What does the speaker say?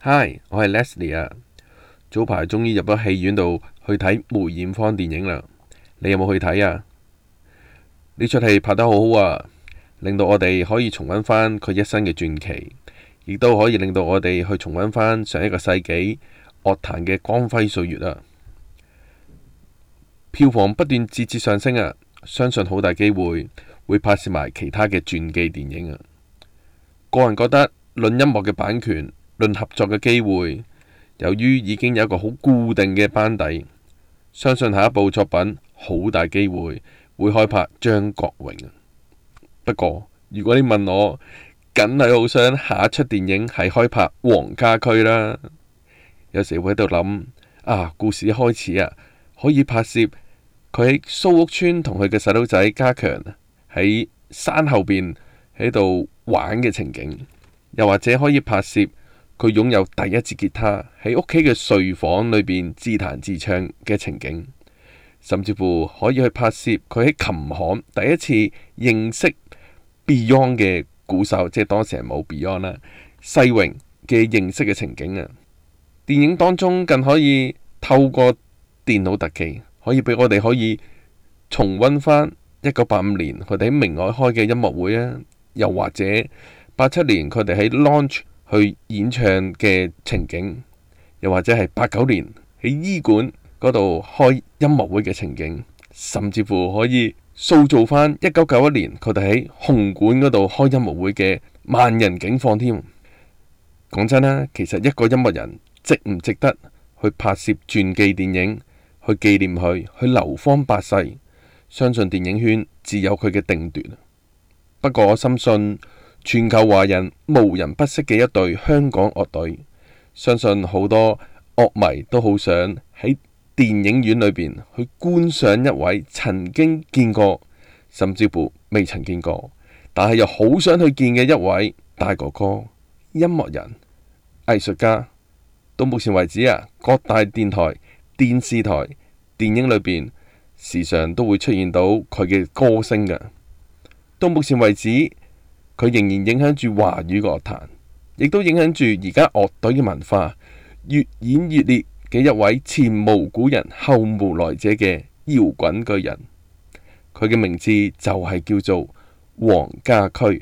hi，我係 Leslie 啊。早排終於入咗戲院度去睇梅艷芳電影啦。你有冇去睇啊？呢齣戲拍得好好啊，令到我哋可以重溫返佢一生嘅傳奇，亦都可以令到我哋去重溫返上一個世紀樂壇嘅光輝歲月啊！票房不斷節節上升啊！相信好大機會會拍攝埋其他嘅傳記電影啊。個人覺得論音樂嘅版權，論合作嘅機會，由於已經有一個好固定嘅班底，相信下一部作品好大機會會開拍張國榮。不過如果你問我，梗係好想下一出電影係開拍黃家駒啦。有時會喺度諗啊，故事開始啊，可以拍攝佢喺蘇屋村同佢嘅細佬仔家強喺山後邊喺度玩嘅情景，又或者可以拍攝。佢擁有第一支吉他喺屋企嘅睡房裏邊自彈自唱嘅情景，甚至乎可以去拍攝佢喺琴行第一次認識 Beyond 嘅鼓手，即係當時係冇 Beyond 啦，世榮嘅認識嘅情景啊！電影當中更可以透過電腦特技，可以俾我哋可以重溫返一九八五年佢哋喺明愛開嘅音樂會啊，又或者八七年佢哋喺 Launch。去演唱嘅情景，又或者係八九年喺醫館嗰度開音樂會嘅情景，甚至乎可以塑造翻一九九一年佢哋喺紅館嗰度開音樂會嘅萬人景況添。講真啦，其實一個音樂人值唔值得去拍攝傳記電影去紀念佢，去流芳百世，相信電影圈自有佢嘅定奪。不過我深信。全球華人無人不識嘅一隊香港樂隊，相信好多樂迷都好想喺電影院裏邊去觀賞一位曾經見過，甚至乎未曾見過，但係又好想去見嘅一位大哥哥、音樂人、藝術家。到目前為止啊，各大電台、電視台、電影裏邊時常都會出現到佢嘅歌聲㗎。到目前為止。佢仍然影響住華語嘅樂壇，亦都影響住而家樂隊嘅文化，越演越烈嘅一位前無古人後無來者嘅搖滾巨人。佢嘅名字就係叫做黃家駒。